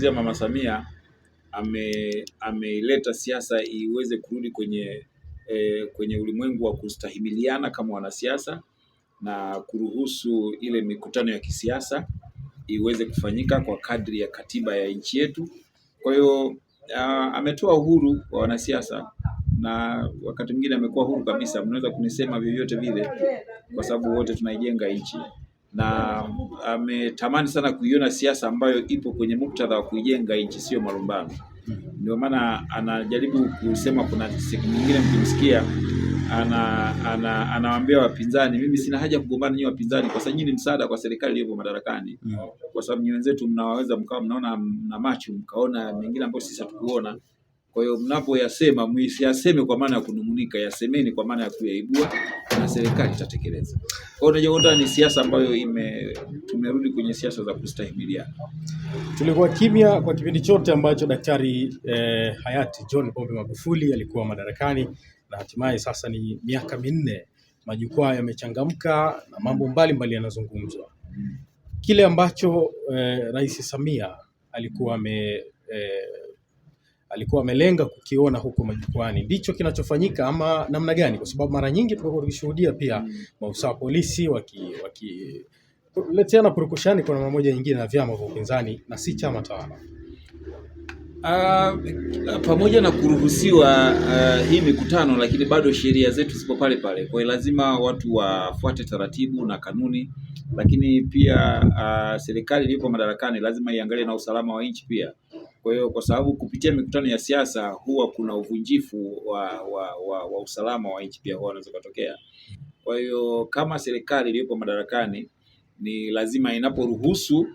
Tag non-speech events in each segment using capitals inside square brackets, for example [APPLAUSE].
tunamzungumzia Mama Samia ame ameileta siasa iweze kurudi kwenye e, kwenye ulimwengu wa kustahimiliana kama wanasiasa na kuruhusu ile mikutano ya kisiasa iweze kufanyika kwa kadri ya katiba ya nchi yetu. Kwa hiyo ah, ametoa uhuru kwa wanasiasa na wakati mwingine amekuwa huru kabisa, mnaweza kunisema vyovyote vile, kwa sababu wote tunaijenga nchi na ametamani sana kuiona siasa ambayo ipo kwenye muktadha wa kuijenga nchi, sio malumbano. Ndio maana anajaribu kusema, kuna siku nyingine mkimsikia anawaambia ana, wapinzani, mimi sina haja kugombana nyinyi wapinzani, kwa sababu ni msaada kwa serikali iliyopo madarakani, mm. kwa sababu nyinyi wenzetu mnawaweza mkawa mnaona na macho mkaona mengine ambayo sisi hatukuona. Kwa hiyo mnapoyasema msiyaseme kwa maana ya kunung'unika, yasemeni kwa maana ya kuyaibua na serikali itatekeleza. Kwa hiyo unajikuta ni siasa ambayo ime tumerudi kwenye siasa za kustahimiliana. Tulikuwa kimya kwa kipindi chote ambacho Daktari eh, hayati John Pombe Magufuli alikuwa madarakani na hatimaye sasa ni miaka minne, majukwaa yamechangamka na mambo mbalimbali yanazungumzwa. Kile ambacho eh, Rais Samia alikuwa ame eh, alikuwa amelenga kukiona huko majukwani, ndicho kinachofanyika ama namna gani? Kwa sababu mara nyingi tumekuwa tukishuhudia pia maafisa wa polisi waki, waki leteana purukushani kwa namna moja nyingine na vyama vya upinzani na si chama tawala. Uh, pamoja na kuruhusiwa uh, hii mikutano lakini bado sheria zetu zipo pale pale. Kwa hiyo lazima watu wafuate taratibu na kanuni, lakini pia uh, serikali iliyopo madarakani lazima iangalie na usalama wa nchi pia. Kwa hiyo kwa sababu kupitia mikutano ya siasa huwa kuna uvunjifu wa, wa, wa, wa usalama wa nchi pia huwa unaweza kutokea. Kwa hiyo kama serikali iliyopo madarakani ni lazima inaporuhusu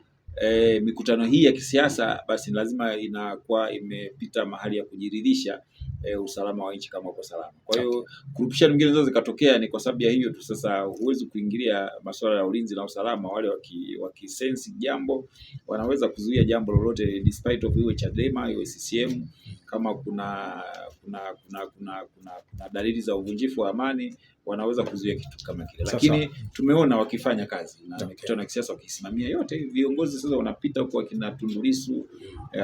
eh, mikutano hii ya kisiasa basi lazima inakuwa imepita mahali ya kujiridhisha e, usalama wa nchi kama uko salama. Kwa hiyo okay. Kurupishani nyingine zote zikatokea ni kwa sababu ya hiyo tu. Sasa huwezi kuingilia masuala ya ulinzi na usalama, wale waki, waki sense jambo wanaweza kuzuia jambo lolote, despite of iwe Chadema iwe CCM. Kama kuna kuna kuna kuna, kuna, kuna dalili za uvunjifu wa amani wanaweza kuzuia kitu kama kile, lakini tumeona wakifanya kazi na okay. mikutano ya kisiasa wakisimamia yote. Viongozi sasa wanapita huko, akina Tundu Lissu,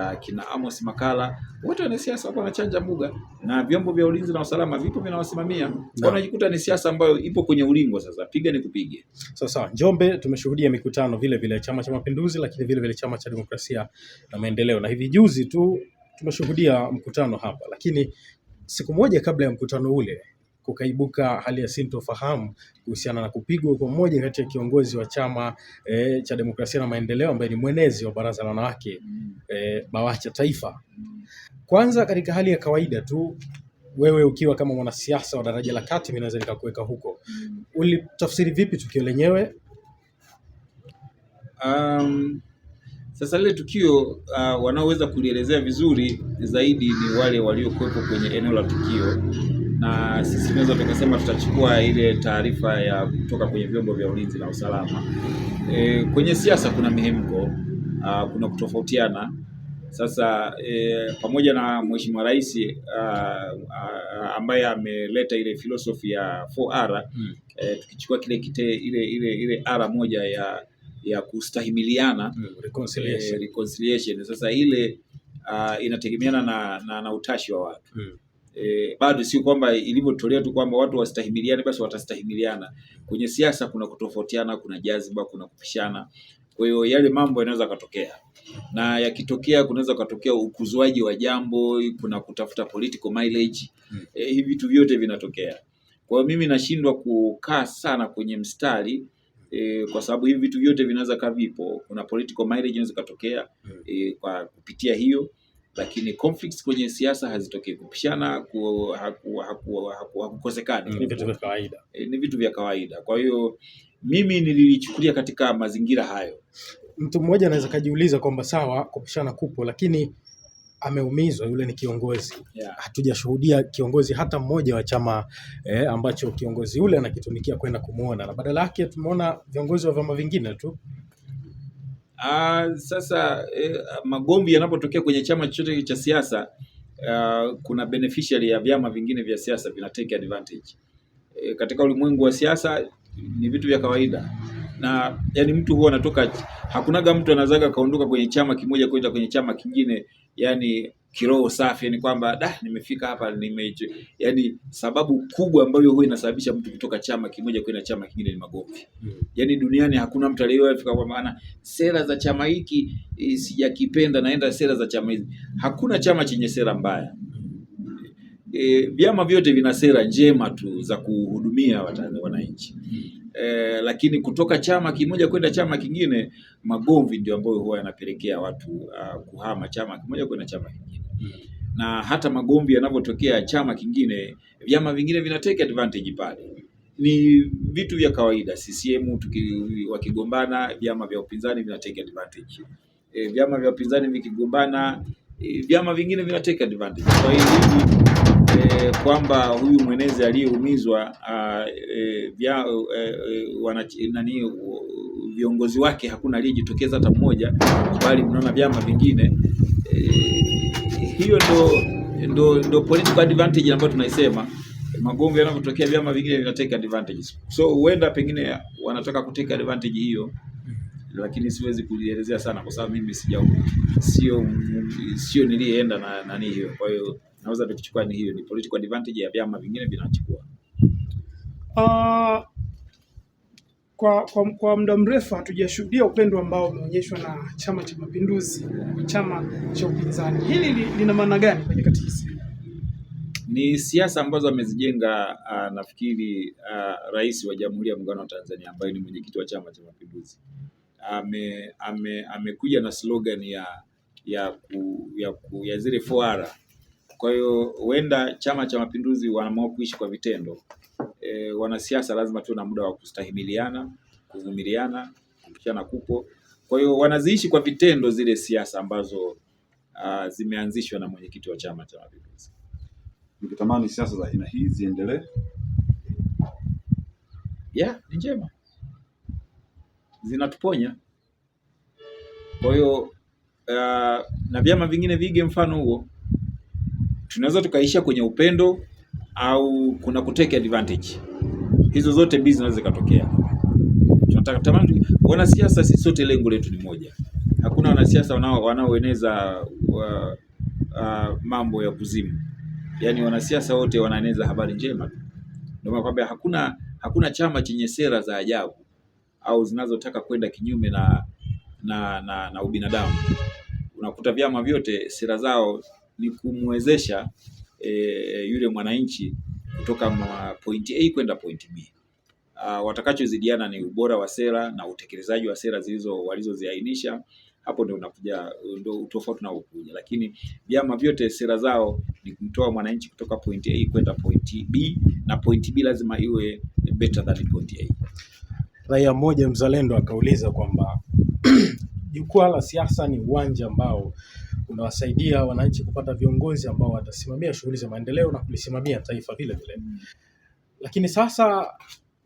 akina eh, Amos Makala, wote wanasiasa wako wanachanja mbuga na vyombo vya ulinzi na usalama vipo vinawasimamia. Unajikuta ni siasa ambayo ipo kwenye ulingo sasa, piga ni kupige. Sawa Njombe tumeshuhudia mikutano vile vile Chama cha Mapinduzi, lakini vile vile Chama cha Demokrasia na Maendeleo, na hivi juzi tu tumeshuhudia mkutano hapa, lakini siku moja kabla ya mkutano ule kukaibuka hali ya sintofahamu kuhusiana na kupigwa kwa mmoja kati ya kiongozi wa chama e, cha demokrasia na maendeleo ambaye ni mwenezi wa baraza la wanawake e, BAWACHA taifa mm. Kwanza katika hali ya kawaida tu, wewe ukiwa kama mwanasiasa wa daraja la kati, mimi naweza nikakuweka huko. Mm. Ulitafsiri vipi tukio lenyewe? Um, sasa lile tukio uh, wanaoweza kulielezea vizuri zaidi ni wale waliokuwepo kwenye eneo la tukio, na sisi tunaweza tukasema tutachukua ile taarifa ya kutoka kwenye vyombo vya ulinzi na usalama. E, kwenye siasa kuna mihemko uh, kuna kutofautiana sasa e, pamoja na Mheshimiwa Rais ah, ambaye ameleta ile filosofi ya 4R mm. E, eh, tukichukua kile kite ile ile ile R moja ya ya kustahimiliana mm. reconciliation. E, reconciliation. Sasa ile uh, inategemeana na, na, na utashi wa watu mm. E, bado sio kwamba ilivyotolewa tu kwamba watu wastahimiliane basi watastahimiliana. Kwenye siasa kuna kutofautiana, kuna jazba, kuna kupishana. Kwa hiyo yale mambo yanaweza katokea, na yakitokea kunaweza katokea ukuzwaji wa jambo, kuna kutafuta political mileage hmm. Eh, hivi vitu vyote vinatokea. Kwa hiyo mimi nashindwa kukaa sana kwenye mstari e, kwa sababu hivi vitu vyote vinaweza vipo, kuna political mileage inaweza katokea hmm. e, eh, kwa kupitia hiyo lakini conflicts kwenye siasa hazitokei, kupishana hakukosekani, ni vitu vya kawaida. Kwa hiyo mimi nililichukulia katika mazingira hayo. Mtu mmoja anaweza kajiuliza kwamba sawa, kupishana kupo, lakini ameumizwa yule ni kiongozi yeah. Hatujashuhudia kiongozi hata mmoja wa chama eh, ambacho kiongozi yule anakitumikia kwenda kumwona, na badala yake tumeona viongozi wa vyama vingine tu. Uh, sasa eh, magomvi yanapotokea kwenye chama chochote cha siasa uh, kuna beneficiary ya vyama vingine vya siasa vina take advantage eh, katika ulimwengu wa siasa ni vitu vya kawaida na yani, mtu huwa anatoka, hakunaga mtu anazaga kaondoka kwenye chama kimoja kwenda kwenye chama kingine, yani kiroho safi, yani kwamba da, nimefika hapa nime, yani sababu kubwa ambayo huwa inasababisha mtu kutoka chama kimoja kwenda chama kingine ni magomvi hmm. Yani duniani hakuna mtu aliyefika kwa maana sera za chama hiki eh, sijakipenda, naenda sera za chama hizi. Hakuna chama chenye sera mbaya e, vyama vyote vina sera njema tu za kuhudumia wananchi e, lakini kutoka chama kimoja kwenda chama kingine, magomvi ndio ambayo huwa yanapelekea watu uh, kuhama chama kimoja kwenda chama kingine na hata magomvi yanavyotokea chama kingine, vyama vingine vina take advantage pale. Ni vitu vya kawaida. CCM wakigombana, vyama vya upinzani vina take advantage e, vyama vya upinzani vikigombana, e, vyama vingine vina take advantage. Kwa hiyo e, kwamba huyu mwenezi aliyeumizwa e, e, nani viongozi wake hakuna aliyejitokeza hata mmoja, bali mnaona vyama vingine e, hiyo ndo, ndo, ndo political advantage ambayo tunaisema magomvi yanapotokea vyama vingine take advantages. So huenda pengine wanataka kuteka advantage hiyo, lakini siwezi kulielezea sana kwa sababu mimi sija sio sio nilienda na nani hiyo, kwa hiyo naweza tukichukua ni hiyo, ni political advantage ya vyama vingine vinachukua. Uh, kwa, kwa, kwa muda mrefu hatujashuhudia upendo ambao umeonyeshwa na Chama cha Mapinduzi, chama cha upinzani. Hili li, lina maana gani kwenye nyakati Ni siasa ambazo amezijenga uh, nafikiri uh, Rais wa Jamhuri ya Muungano wa Tanzania ambaye ni mwenyekiti wa Chama cha Mapinduzi amekuja ame, ame na slogan ya ya, ku, ya, ku, ya zile fuara kwa hiyo huenda Chama cha Mapinduzi wanaamua kuishi kwa vitendo. E, wanasiasa lazima tuwe na muda wa kustahimiliana, kuvumiliana, kupishana kupo. Kwa hiyo wanaziishi kwa vitendo zile siasa ambazo a, zimeanzishwa na mwenyekiti wa Chama cha Mapinduzi. Nikitamani siasa za aina hii ziendelee, yeah, ni njema, zinatuponya. Kwa hiyo uh, na vyama vingine vige mfano huo tunaweza tukaisha kwenye upendo au kuna kuteke advantage. Hizo zote mbili zinaweza zikatokea. Tunatamani wanasiasa, sisi sote lengo letu ni moja. Hakuna wanasiasa wanaoeneza wa, uh, mambo ya kuzimu, yaani wanasiasa wote wanaeneza habari njema. Ndio maana kwamba hakuna hakuna chama chenye sera za ajabu au zinazotaka kwenda kinyume na, na, na, na ubinadamu. Unakuta vyama vyote sera zao ni kumwezesha e, yule mwananchi kutoka mwa point A kwenda point B. Uh, watakachozidiana ni ubora wa sera na utekelezaji wa sera zilizo walizoziainisha. Hapo ndio unakuja ndio utofauti unaokuja, lakini vyama vyote sera zao ni kumtoa mwananchi kutoka point A kwenda point B, na point B lazima iwe better than point A. Raia mmoja mzalendo akauliza kwamba [CLEARS THROAT] jukwaa la siasa ni uwanja ambao wanawasaidia wananchi kupata viongozi ambao watasimamia shughuli za maendeleo na kulisimamia taifa vile vile. Mm. Lakini sasa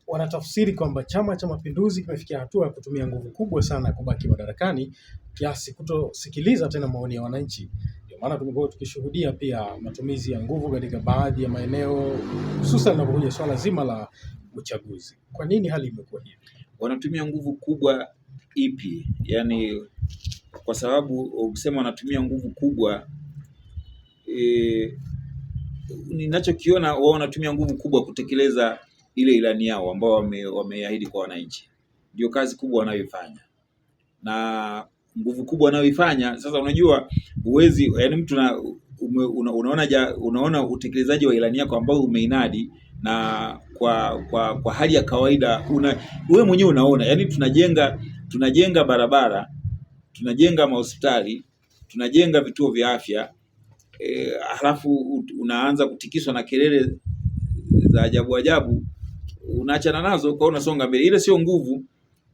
wanatafsiri kwamba Chama cha Mapinduzi kimefikia hatua ya kutumia nguvu kubwa sana ya kubaki madarakani kiasi kutosikiliza tena maoni ya wananchi. Ndio maana tumekuwa tukishuhudia pia matumizi ya nguvu katika baadhi ya maeneo, hususan linapokuja swala zima la uchaguzi. Kwa nini hali imekuwa hivi? Wanatumia nguvu kubwa ipi? Yaani kwa sababu ukisema wanatumia nguvu kubwa e, ninachokiona wao wanatumia nguvu kubwa kutekeleza ile ilani yao ambao wameahidi kwa wananchi, ndio kazi kubwa wanayoifanya na nguvu kubwa wanayoifanya sasa. Unajua uwezi yani mtu na, ume, una, unaona, ja, unaona utekelezaji wa ilani yako ambao umeinadi na kwa kwa kwa hali ya kawaida una wewe mwenyewe unaona, yani tunajenga tunajenga barabara tunajenga mahospitali, tunajenga vituo vya afya e, halafu unaanza kutikiswa na kelele za ajabu ajabu, unaachana nazo kwa unasonga mbele. Ile sio nguvu,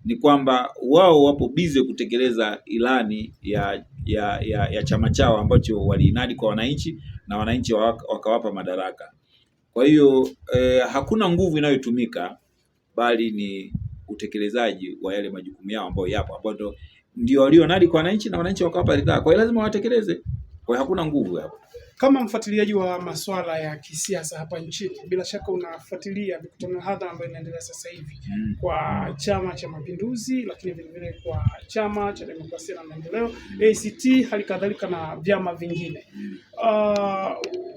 ni kwamba wao wapo bize kutekeleza ilani ya ya, ya, ya chama chao ambacho waliinadi kwa wananchi na wananchi wakawapa madaraka. Kwa hiyo eh, hakuna nguvu inayotumika bali ni utekelezaji wa yale majukumu yao ambayo yapo ambayo ndio ndio walionadi kwa wananchi na wananchi wakawapa ridhaa. Kwa hiyo lazima watekeleze, kwa hakuna nguvu hapo. Kama mfuatiliaji wa masuala ya kisiasa hapa nchini, bila shaka unafuatilia mikutano hadhara ambayo inaendelea sasa hivi hmm. kwa Chama cha Mapinduzi, lakini vilevile kwa Chama cha Demokrasia na Maendeleo, hmm. ACT, hali kadhalika na vyama vingine hmm. uh,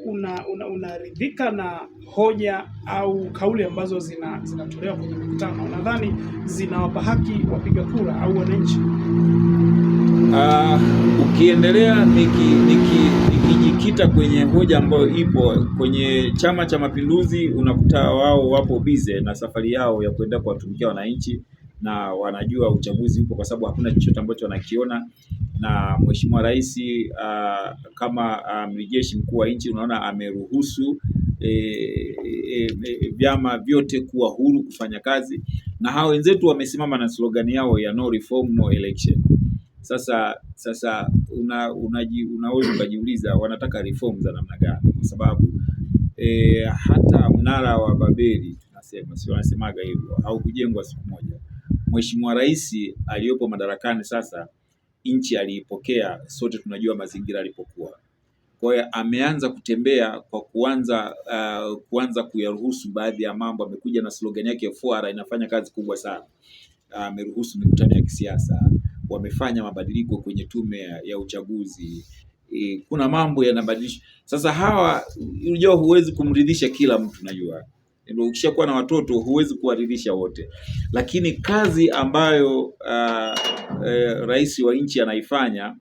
unaridhika una, una na hoja au kauli ambazo zinatolewa kwenye mikutano, nadhani zinawapa haki wapiga kura au wananchi. Uh, ukiendelea nikijikita niki, niki kwenye hoja ambayo ipo kwenye Chama cha Mapinduzi, unakuta wao wapo bize na safari yao ya kuenda kuwatumikia wananchi na wanajua uchaguzi upo, kwa sababu hakuna chochote ambacho wanakiona. Na Mheshimiwa Rais uh, kama amiri ah, um, jeshi mkuu wa nchi, unaona ameruhusu e, e, e, vyama vyote kuwa huru kufanya kazi, na hao wenzetu wamesimama na slogani yao ya no reform no election. Sasa sasa una, unaji, unaweza ukajiuliza wanataka reform za namna gani? Kwa sababu e, hata mnara wa Babeli tunasema, si wanasemaga hivyo, haukujengwa siku moja. Mheshimiwa Rais aliyopo madarakani sasa, nchi aliipokea, sote tunajua mazingira alipokuwa. Kwa hiyo ameanza kutembea kwa kuanza uh, kuanza kuyaruhusu baadhi ya mambo. Amekuja na slogan yake fuara inafanya kazi kubwa sana. Ameruhusu uh, mikutano ya kisiasa, wamefanya mabadiliko kwenye tume ya uchaguzi e, kuna mambo yanabadilisha sasa. Hawa unajua, huwezi kumridhisha kila mtu, najua ndio ukishakuwa na watoto huwezi kuwaridhisha wote, lakini kazi ambayo uh, eh, rais wa nchi anaifanya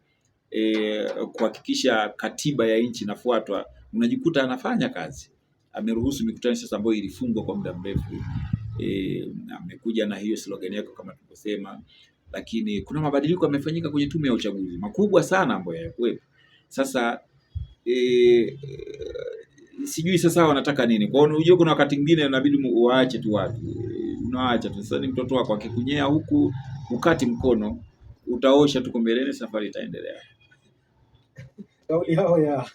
eh, kuhakikisha katiba ya nchi inafuatwa, unajikuta anafanya kazi. Ameruhusu mikutano sasa ambayo ilifungwa kwa muda mrefu eh, amekuja na hiyo slogan yake kama tulivyosema, lakini kuna mabadiliko yamefanyika kwenye tume ya uchaguzi makubwa sana ambayo hayakuwepo sasa. eh, sijui sasa wanataka nini. Kwa hiyo unajua kuna wakati mwingine inabidi uwaache tu watu, unawaacha tu. Sasa ni mtoto wako akikunyea huku ukati mkono utaosha tu mbeleni, safari itaendelea. Kauli yao ya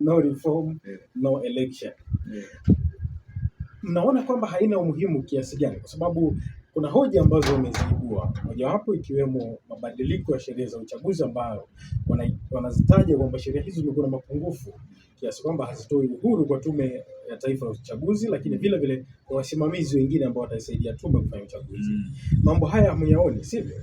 no reform, no election, mnaona kwamba haina umuhimu kiasi gani? Kwa sababu kuna hoja ambazo wameziibua, mojawapo ikiwemo mabadiliko ya sheria za uchaguzi ambayo wanazitaja kwamba sheria hizo zimekuwa na mapungufu kiasi kwamba hazitoi uhuru kwa Tume ya Taifa ya Uchaguzi, lakini vile vile kwa wasimamizi wengine ambao wataisaidia tume kufanya uchaguzi. Mm. Mambo haya muyaoni, sivyo?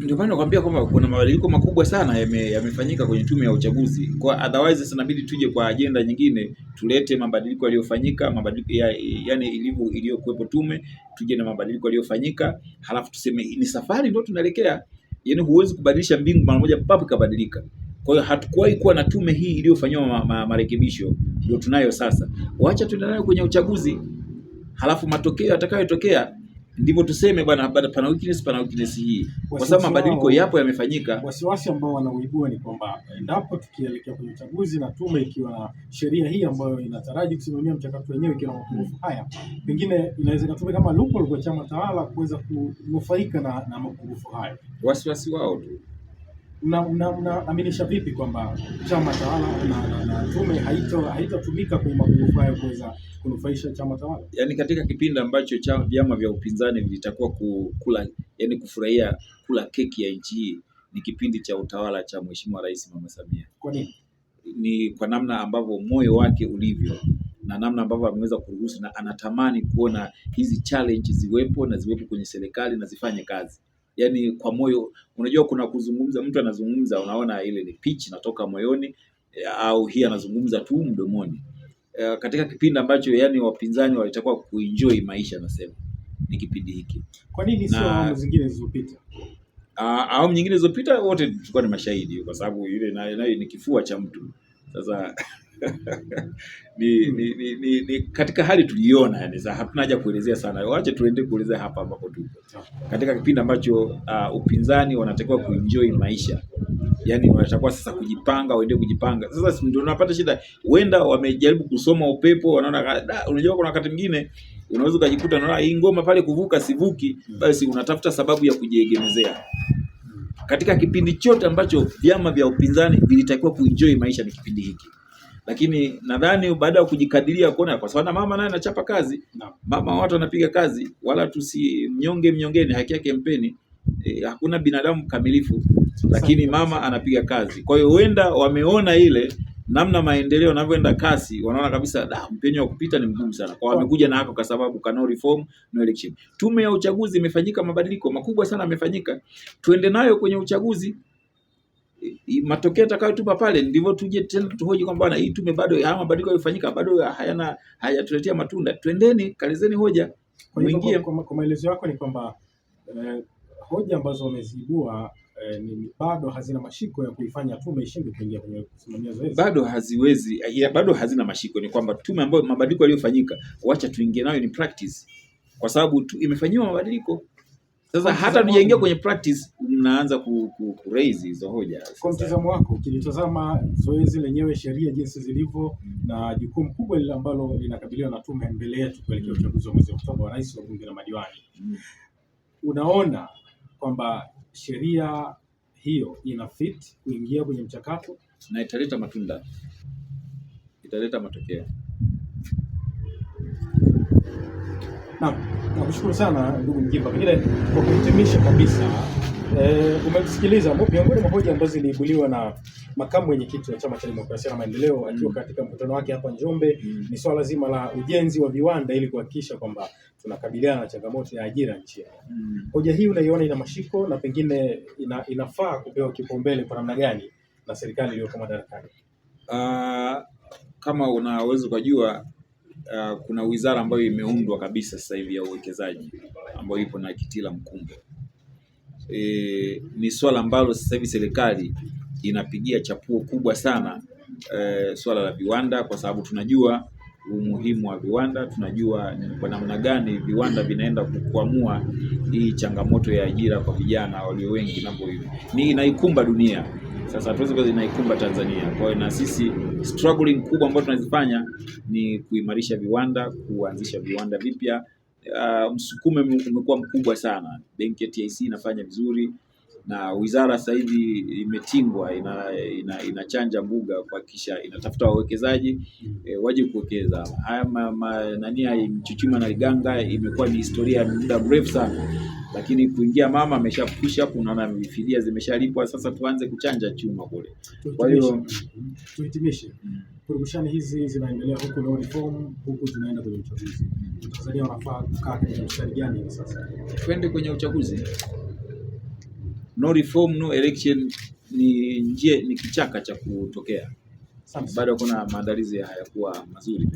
ndio maana nakwambia kwamba kuna mabadiliko makubwa sana yamefanyika kwenye tume ya uchaguzi. Kwa otherwise inabidi tuje kwa ajenda nyingine, tulete mabadiliko yaliyofanyika, mabadiliko ya, yani ilivyo iliyokuwepo tume, tuje na mabadiliko yaliyofanyika, halafu tuseme ni safari ndio tunaelekea. Yani huwezi kubadilisha mbingu mara moja papo ikabadilika. Kwa hiyo hatukuwahi kuwa na tume hii iliyofanywa ma, ma, marekebisho, ndio tunayo sasa. Wacha tuendelee kwenye uchaguzi, halafu matokeo yatakayotokea ndivyo tuseme bwana, bado pana weakness, pana weakness hii, kwa sababu mabadiliko yapo, yamefanyika. Wasiwasi ambao wanauibua ni kwamba endapo tukielekea kwenye uchaguzi na tume ikiwa na sheria hii ambayo inataraji kusimamia mchakato wenyewe ikiwa na mapungufu haya, pengine inaweza ikatumika kama loophole kwa chama tawala kuweza kunufaika na, na mapungufu haya. Wasiwasi wao tu. Mnaaminisha vipi kwamba chama tawala na, na, na tume haitatumika haita kwenye mapungufu hayo kuweza kunufaisha chama tawala. Yani katika kipindi ambacho vyama vya upinzani vilitakiwa kula, yani kufurahia kula keki ya nchi hii, ni kipindi cha utawala cha Mheshimiwa Rais Mama Samia. Kwa nini? Ni kwa namna ambavyo moyo wake ulivyo na namna ambavyo ameweza kuruhusu na anatamani kuona hizi challenge ziwepo na ziwepo kwenye serikali na zifanye kazi yani kwa moyo. Unajua, kuna kuzungumza, mtu anazungumza, unaona ile ni pitch natoka moyoni, au hii anazungumza tu mdomoni. Eh, katika kipindi ambacho yani wapinzani walitakiwa kuenjoy maisha, nasema ni kipindi hiki. Kwa nini sio awamu zingine zilizopita? Ah, awamu nyingine zilizopita wote tulikuwa ni mashahidi, kwa sababu ile nayo na, ni kifua cha mtu sasa [LAUGHS] ni, hmm. ni, ni, ni, ni katika hali tuliona, yani hatuna haja kuelezea sana, wache tuende kuelezea hapa ambapo tuko katika kipindi ambacho uh, upinzani wanatakiwa kuenjoy maisha yani watakuwa sasa kujipanga, waende kujipanga. Sasa ndio unapata shida, wenda wamejaribu kusoma upepo, wanaona. Unajua, kuna wakati mwingine unaweza ukajikuta unaona ah, hii ngoma pale, kuvuka sivuki, hmm. basi unatafuta sababu ya kujiegemezea. Katika kipindi chote ambacho vyama vya upinzani vilitakiwa kuenjoy maisha, ni kipindi hiki lakini nadhani baada ya kujikadiria kuona kwa sababu mama naye anachapa kazi na mama, watu wanapiga kazi, wala tusimnyonge mnyongeni, haki yake mpeni eh, hakuna binadamu mkamilifu, lakini mama anapiga kazi. Kwa hiyo huenda wameona ile namna maendeleo yanavyoenda kasi, wanaona kabisa da, mpenyo wa kupita ni mgumu sana, kwa wamekuja na hako kwa sababu no reform no election. Tume ya uchaguzi imefanyika mabadiliko makubwa sana yamefanyika, tuende nayo kwenye uchaguzi matokeo atakayotupa pale ndivyo tuje tena tuhoji kwamba bwana, hii tume bado haya mabadiliko yaliyofanyika bado hayana hayatuletea matunda. Twendeni, kalizeni hoja, muingie. Kwa maelezo yako ni kwamba eh, hoja ambazo wameziibua eh, bado hazina mashiko ya kuifanya tume ishindwe kuingia kwenye kusimamia zoezi, bado haziwezi ya, eh, bado hazina mashiko. Ni kwamba tume ambayo mabadiliko yaliyofanyika, wacha tuingie nayo ni practice, kwa sababu imefanyiwa mabadiliko. Sasa hata tujaingia kwenye practice, mnaanza ku, ku, ku raise hizo hoja. Kwa mtazamo wako, ukilitazama zoezi lenyewe, sheria jinsi zilivyo, na jukumu kubwa lile ambalo linakabiliwa na tume mbele yetu kuelekea uchaguzi wa mwezi Oktoba wa rais wa bunge na madiwani, mm. unaona kwamba sheria hiyo ina fit kuingia kwenye mchakato na italeta matunda, italeta matokeo. Nakushukuru sana ndugu Mgimba, pengine kwa kuhitimisha kabisa, eh, umesikiliza miongoni mwa hoja ambazo ziliibuliwa na makamu mwenyekiti wa Chama cha Demokrasia na Maendeleo akiwa mm. katika mkutano wake hapa Njombe mm. ni swala zima la ujenzi wa viwanda ili kuhakikisha kwamba tunakabiliana na changamoto ya ajira nchini. Mm. Hoja mm. hii unaiona ina mashiko na pengine ina, inafaa kupewa kipaumbele kwa namna gani na serikali iliyoko madarakani? Uh, kama unaweza ukajua uh, kuna wizara ambayo imeundwa kabisa sasa hivi ya uwekezaji ambayo ipo na Kitila Mkumbo. E, ni swala ambalo sasa hivi serikali inapigia chapuo kubwa sana e, swala la viwanda, kwa sababu tunajua umuhimu wa viwanda, tunajua kwa namna gani viwanda vinaenda kukwamua hii changamoto ya ajira kwa vijana walio wengi, nambo hivi ni inaikumba dunia sasa tuweze kwa inaikumba Tanzania. Kwa hiyo na sisi struggling kubwa ambayo tunazifanya ni kuimarisha viwanda, kuanzisha viwanda vipya. Uh, ah, msukume umekuwa mkubwa sana. Benki ya TIC inafanya vizuri, na wizara sasa hivi imetingwa ina, inachanja ina mbuga kuhakikisha inatafuta wawekezaji e, waje kuwekeza haya ma, ma, nani Mchuchuma na Liganga imekuwa ni historia ya muda mrefu sana, lakini kuingia mama ameshakisha Kuna na mifidia zimeshalipwa. Sasa tuanze kuchanja chuma kule. Kwa hiyo mm-hmm. tuhitimishe mm. purukushani hizi zinaendelea huku, no reform huku zinaenda kwenye uchaguzi. Mm. Tanzania wanafaa kukaa kwenye mstari gani sasa? Twende kwenye uchaguzi no reform no election ni njia ni kichaka cha kutokea, bado kuna maandalizi hayakuwa mazuri.